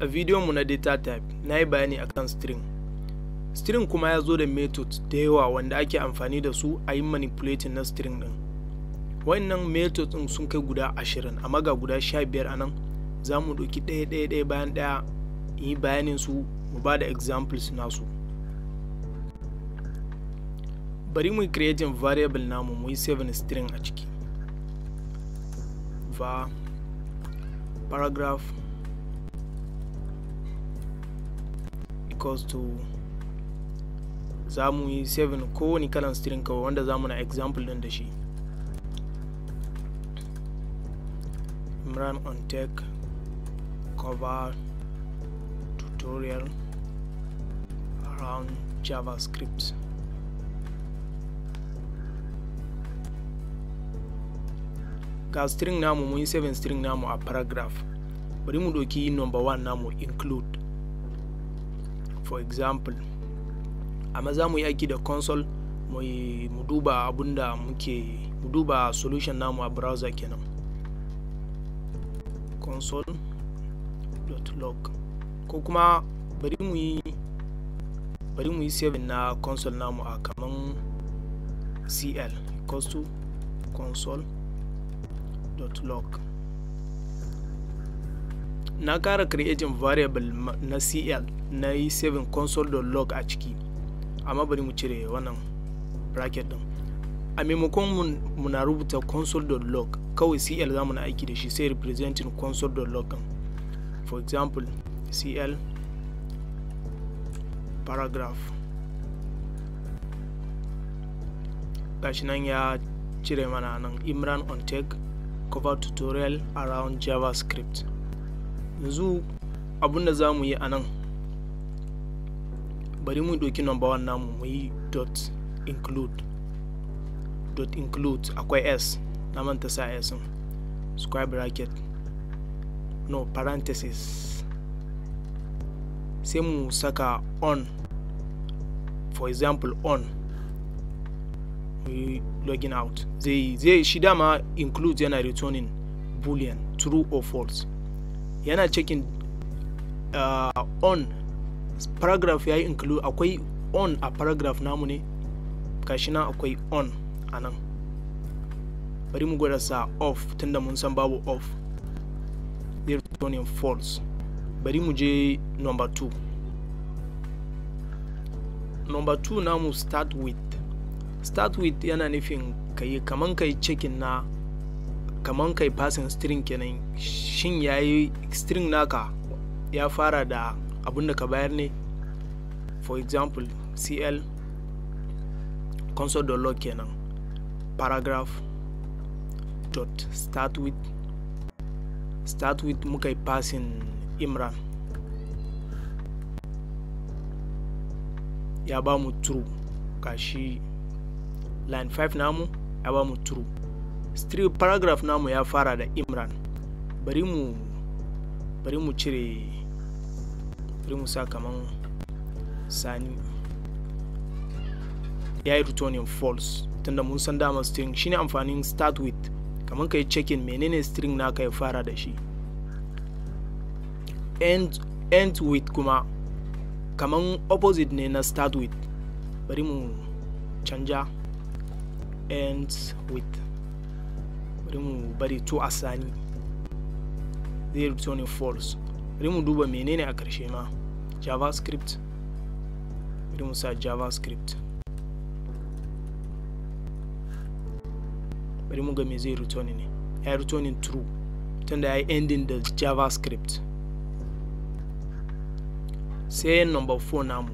a mu na data type na yi bayani akan string string kuma ya zo da method da yawa wanda ake amfani da su a yi manipulating na string din wannan method din sun kai guda ashirin amma ga guda sha biyar anan za mu ɗauki ɗaya ɗaya ɗaya bayan ɗaya yi bayanin su mu ba da examples nasu bari mu creating variable namu mu yi 7 string a ciki va paragraph equals to zamu yi 7 kowane kalan string kawai wanda zamu na example din da shi imran on tech cover tutorial around javascript ga string namu mun yi 7 string namu a paragraph bari mu ɗauki number 1 namu include for example amma za mu yi aiki da console mu duba abinda muke mu duba solution namu a browser kenan console.log ko kuma bari mu yi bari mu yi saving na console namu a kaman cl equals to console.log na kara creating variable na cl na yi saving console.log a ciki amma bari mu cire wannan bracket din a maimakon muna rubuta console.log kawai cl za mu na aiki da shi sai representing console.log din for example cl paragraph gashi nan ya cire mana nan imran on tech cover tutorial around javascript yanzu abin da za mu yi a nan bari mu ɗauki number one namu mu yi dot include dot include akwai s na manta sa s square bracket no parenthesis sai mu saka on for example on login out zai shi dama include yana returning boolean true or false yana cikin uh, on paragraph ya yi include akwai on a paragraph namu ne kashi na akwai on a nan bari mu gwada sa off tunda mun san babu off zai returning false bari mu je number 2 number 2 namu start with start with yana nufin kayi kaman kai cikin na kaman kai fasin string kenan shin ya yi string naka ya fara da abin da ka bayar ne for example cl log kenan paragraph dot start with start with muka yi passing imran ya ba mu true shi line 5 namu ya ba mu true street paragraph namu ya fara da imran bari mu bari mu cire bari mu sa kaman sani ya yi returning false tunda mun san dama string shine amfanin start with kaman ka yi checking menene string na ya fara da shi end with kuma kaman opposite ne na start with bari mu canja end with mu bari to a sani zai returning false bari mu duba menene a ƙarshe ma javascript bari mu sa javascript bari mu ga me zai return ne ya yi returning true tunda ya yi ending da javascript sai number 4 namu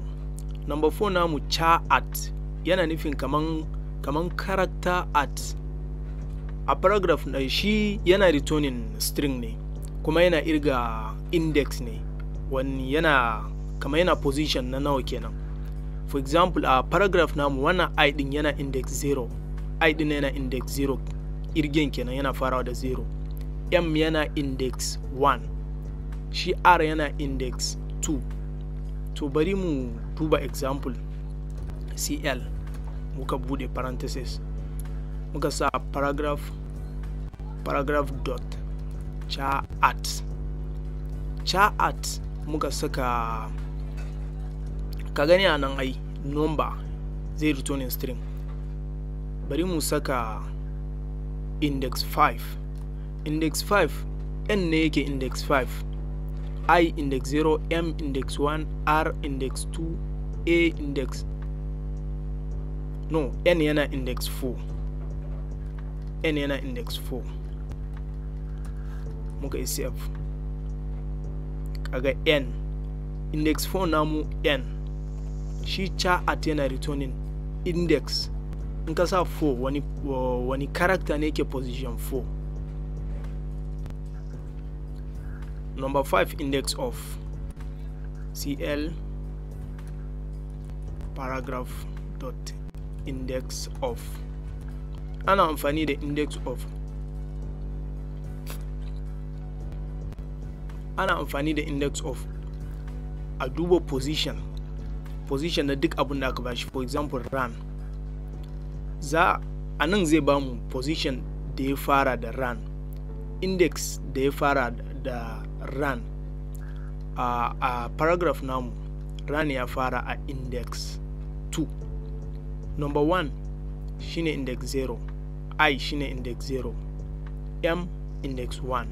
number 4 namu cha at yana nufin kaman kaman character at a paragraph na shi yana returning string ne kuma yana irga index ne wani yana kama yana position na nawa kenan for example a paragraph namu wannan i din yana index 0 i din yana index 0 irgen kenan yana farawa da 0 m yana index 1 shi r yana index 2 to bari mu tuba example cl muka bude parenthesis muka sa paragraph paragraph dot chart chart muka saka ka gani a nan ai number zai returning string bari mu saka index 5 index 5 n ne yake index 5 i index 0 m index 1 r index 2 a index no n yana index 4 n yana index 4 muka yi acf kaga n index 4 namu n shi cha at yana returning index in ka sa 4 wani, wani character ne ke position 4 number 5 index of cl paragraph dot index of ana amfani da index of ana amfani da index of a duba position position da duk abin da aka bashi for example run za a nan zai bamu position da ya fara da run index da ya fara da run a, uh, paragraph namu run ya fara a index 2 number 1 shine index 0 i shine index 0 m index 1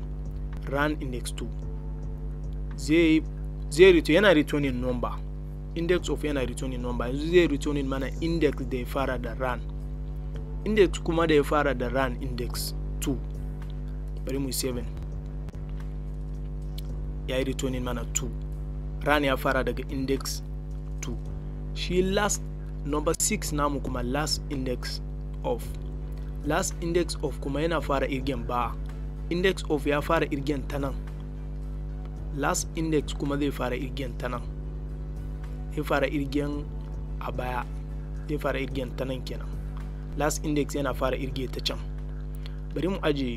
run index 2 zai return yana returning number index of yana returning number yanzu zai returning mana index da ya fara da run index kuma da ya fara da run index 2 bari mu 7 ya yi returning mana 2 run ya fara daga index 2 shi last number 6 namu kuma last index of last index of kuma yana fara irgen ba index of ya fara irgen ta nan last index kuma zai fara irgen ta nan zai fara irgen a baya zai fara irgen ta nan kenan last index yana fara irge ta can bari mu aje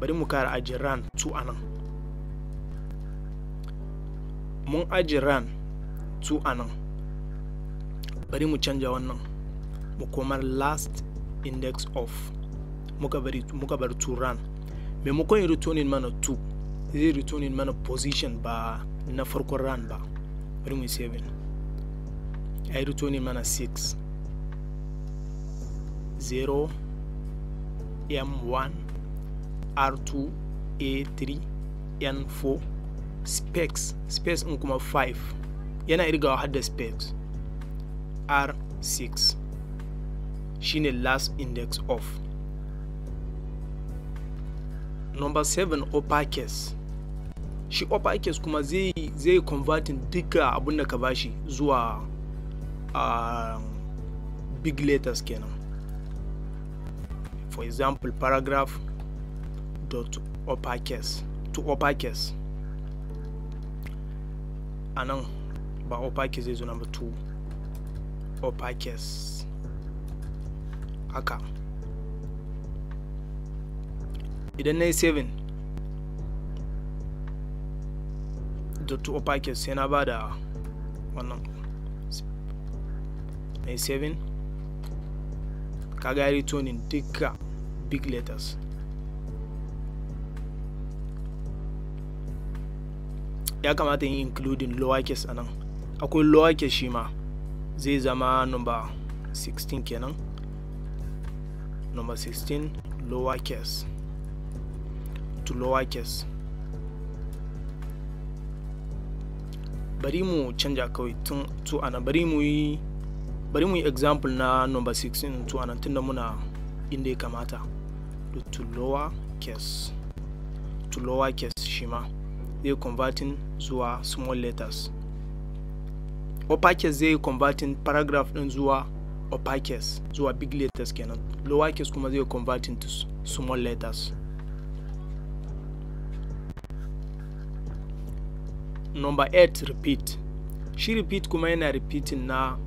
bari mu kara aje ran 2 a mun aje ran 2 a nan bari mu canja wannan mu komar last index of muka bar to run maimakon ya returning mana 2 zai returning mana position ba na farkon run ba bari mu 7 ya returning mana 6 0 m1 r2 a3 n4 specs specs in kuma 5 yana irgawa har da specs r6 shine last index of number 7 upper case shi upper case kuma zai zai convertin duka abin da ka bashi zuwa uh, big letters kenan for example paragraph dot upper case to upper case anan ba upper case zai zo number 2 upper case haka idan na yi saving dot opaque sai na ba da wannan na yi saving kaga ya tonin duka big letters ya kamata yin including lower a nan akwai lower shi ma zai zama number 16 kenan Number 16, lowercase to lowercase. Bari mu canja kawai to ana bari mu yi bari mu yi example na number 16 to ana tunda muna inda ya kamata to lower case to lower case shi ma zai converting zuwa small letters upper case zai converting paragraph din zuwa upper zuwa big letters kenan lowercase kuma zai convert into small letters number 8 repeat shi repeat kuma yana repeating na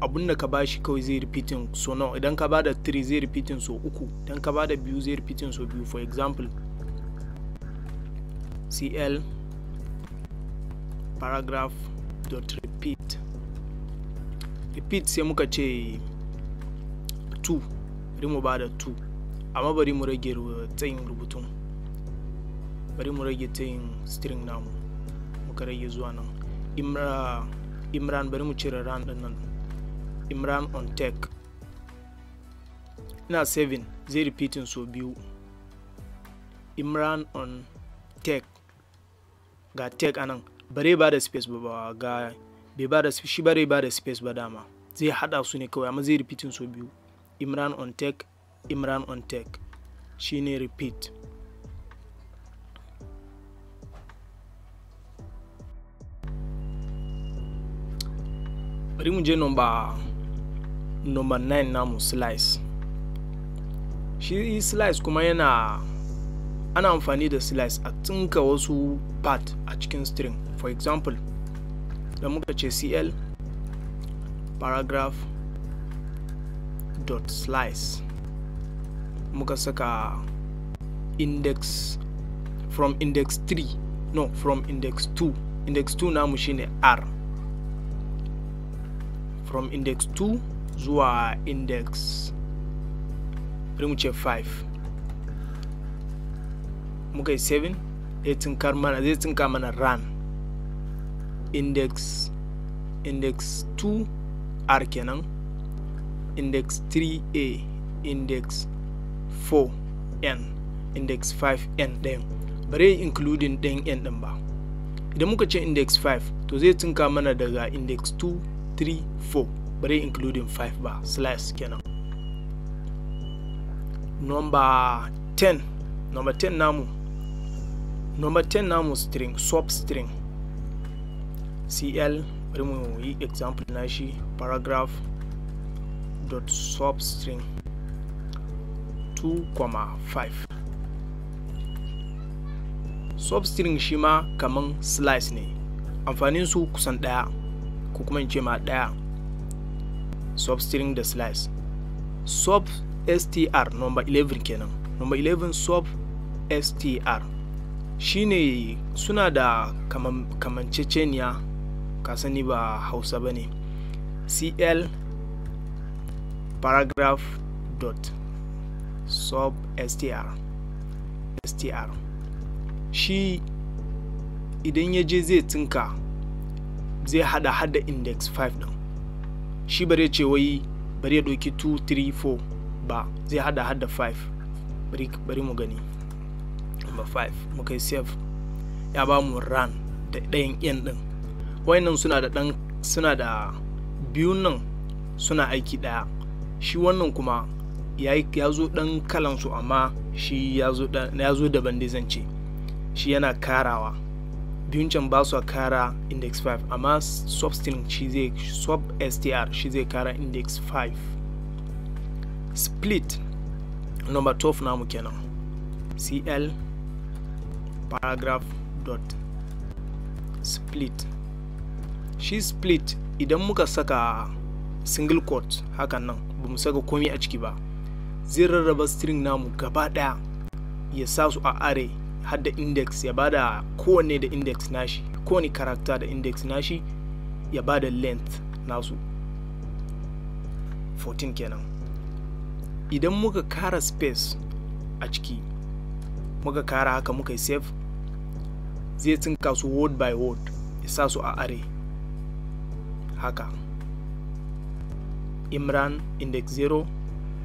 abun da ka ba shi kawai zai repeating so no idan ka ba da 3 zai repeating so uku idan ka ba da 2 zai repeating so biyu for example cl paragraph dot repeat repeat sai muka ce 2 bari mu ba da 2 amma bari mu rage tsayin rubutun bari mu rage tsayin string namu muka rage zuwa nan imra imran bari mu cire ran din nan imran on tech ina 7 zai repeatin so biyu imran on tech ga tech anan bare ba da space ba ga bai ba da shi ba ba da space ba dama zai hada su ne kawai amma zai repeatin su biyu imran on tech imran on tech shine repeat bari mu je number number 9 namu slice shi slice kuma yana ana amfani da slice a tsinka wasu part a cikin string for example da muka ce cl paragraph dot slice muka saka index from index 3 no from index 2 index 2 namu shine r from index 2 zuwa index bari mu ce 5 muka yi 7 zai tsinkar mana zai tsinka mana run index index 2r kenan index 3a index 4n index 5n ɗin bare including ɗin n ɗin ba idan muka ce index 5 to zai tunka mana daga index 2 3 4 bare including 5 ba slash kenan number 10 number 10 namu number 10 namu string substring string cl bari mu yi example na shi paragraph dot substring 2,5 substring shi ma kaman slice ne amfanin su kusan daya ko kuma in ce ma daya substring da slice sub str number 11 kenan number 11 sub str shine suna da kamanceceniya ka sani ba hausa ba ne cl paragraph dot sub str str shi idan ya je zai tinka zai hada hada index 5 din shi bare ce wai bare ya doki 2 3 4 ba zai hada hada 5 bari mu gani number 5 muka yi save ya ba mu run da ɗayan yan ɗin wayannan suna da dan suna da biyun nan suna aiki ɗaya shi wannan kuma ya zo ɗan kalansu amma shi ya zo daban da zance shi yana karawa biyun can ba su kara index 5 amma substring shi zai sub str shi zai kara index 5 split number 12 namu kenan cl paragraph dot split shi split idan muka saka single quote hakan nan ba mu saka komai a ciki ba zai rarraba string namu gaba daya ya sa su a are hadda index ya bada kowane da index nashi kowane character da index nashi ya bada length nasu 14 kenan idan muka kara space a ciki muka kara haka muka yi save zai tsinka su word by word ya sa su a are haka imran index 0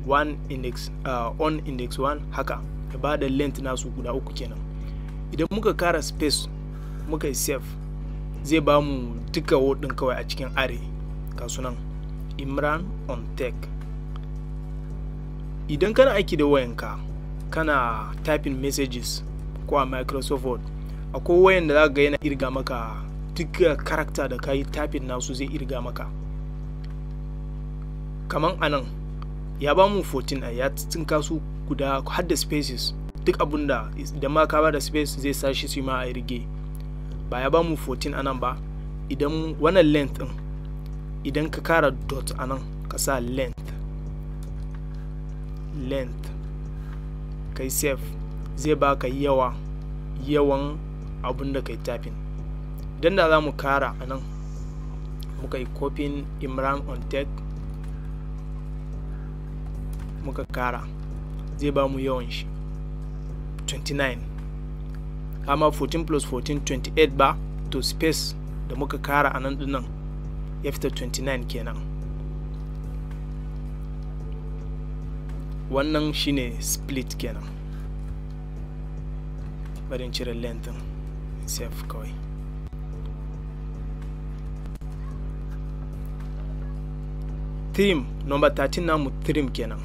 one index uh, on index 1 haka ya ba da length nasu guda uku kenan idan muka kara space muka yi save zai ba mu duka wodin kawai a cikin are kasunan imran on tech idan kana aiki da wayanka kana typing messages ko a microsoft word akwai wayan da za ga yana irga maka duk karakta da ka yi tafin nasu zai irga maka kaman anan ya ba mu 14 a ya tsinka su guda har da spaces duk abun da idan ma ka ba da space zai sashi su ma a irge ba ya ba mu 14 a ba idan wannan length din idan ka kara dot anan nan ka sa length length kai save zai baka yawa yawan abunda da kai tafin don da za mu kara a nan muka yi kofin imran on tech muka kara zai ba mu yawan shi 29 amma 14 plus 14 28 ba to space da muka kara a nan dinnan ya fita 29 kenan wannan shine split kenan barin cire length save kawai trim number 13 namu trim kenan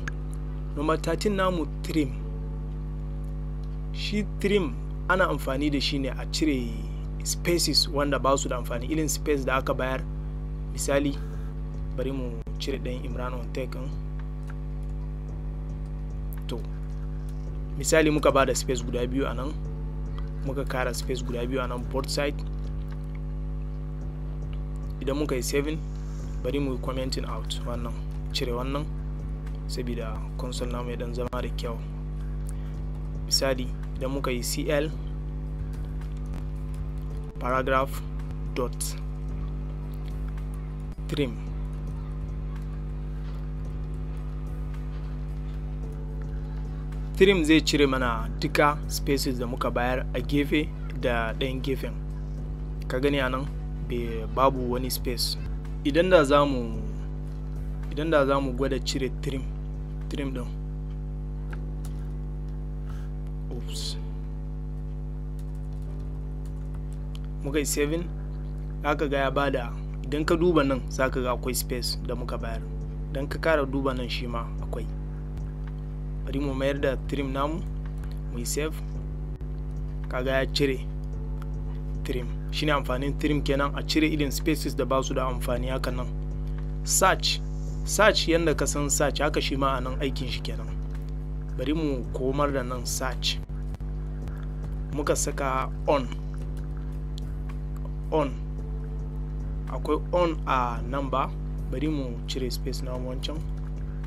number 13 namu trim shi trim ana amfani da shi ne a cire spaces wanda ba su da amfani ilin space da aka bayar misali bari mu cire ɗan imran on tekan to misali muka ba da space guda biyu a nan muka kara space guda biyu a nan board side idan muka yi 7 bari mu commenting out wannan cire wannan saboda console namu ya dan zama da kyau misali idan muka yi cl paragraph dot trim trim zai cire mana duka spaces da muka bayar a gefe da ɗayan gefen ka gani a nan babu wani space idan da za mu idan da za mu gwada cire trim trim ɗin oops muka yi saving aka ga ya bada idan ka duba nan za ka ga akwai space da muka bayar don ka kara duba nan shi ma akwai bari mu mayar da trim namu mu yi save kaga ya cire trim shine amfanin trim kenan a cire irin spaces da ba su da amfani haka nan search search yadda ka san search haka shi ma a nan aikin shi kenan bari mu komar da nan search muka saka on on akwai on a nan ba bari mu cire space na wancan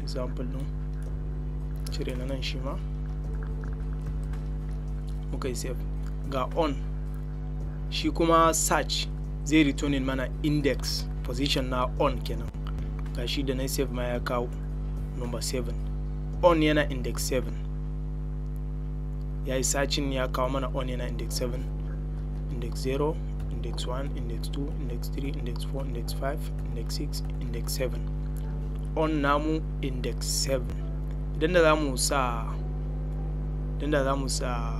example din cire na nan shi ma muka yi save ga on shi kuma search zai returning mana index position na on kenan ga shi da na save ma ya kawo number 7 on yana index 7 ya yi searching ya kawo mana on yana index 7 index 0 index 1 index 2 index 3 index 4 index 5 index 6 index 7 on namu index 7 idan da za mu sa idan da za mu sa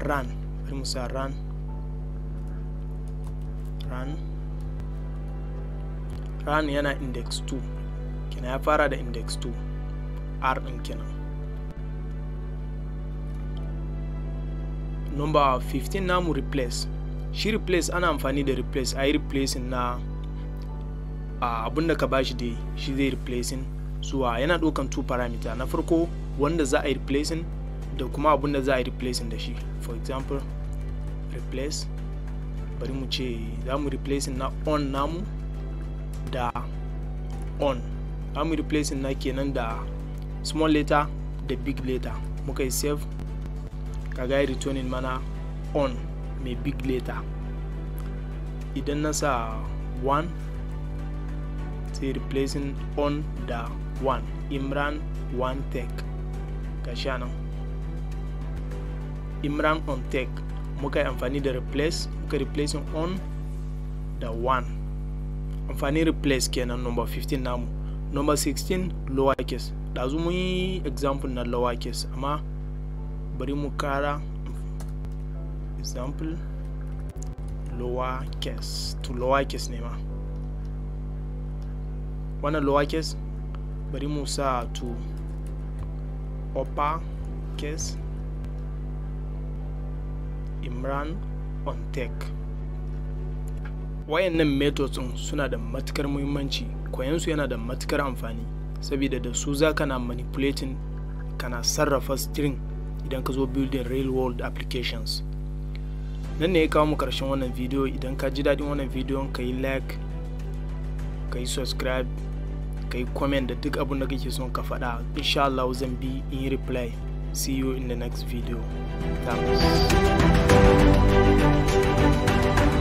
run bari mu sa run run run yana index 2 kina ya fara da index 2 r din kina number 15 namu replace shi replace ana amfani da replace a yi replacing na uh, abinda ka bashi dai shi zai replacing zuwa so, yana dokan two parameter na farko wanda za a yi replacing da kuma abinda za a yi replacing da shi for example replace bari mu ce za mu replace na on namu da on za mu replace na kenan da small letter da big letter muka yi save kaga ya returning mana on mai big letter idan na sa 1 sai replacing on da 1 imran 1 tech ga shanan imran on tech muka yi amfani da replace muka replacing on da 1 amfani replace kenan number 15 namu number 16 lower case ɗazu mun yi example na lower case amma bari mu kara example lower case to lower case ne ma wannan lower case bari mu sa to upper case imran tech wayannan methods suna da matukar muhimmanci koyansu yana da matukar amfani saboda da su za kana manipulating kana sarrafa string idan ka zo building real world applications nan ne ya kawo mu karshen wannan video idan ka ji daɗin wannan video ka yi like ka yi subscribe ka yi comment da duk abin da kake son ka faɗa insha Allah zan bi in reply see you in the next video thanks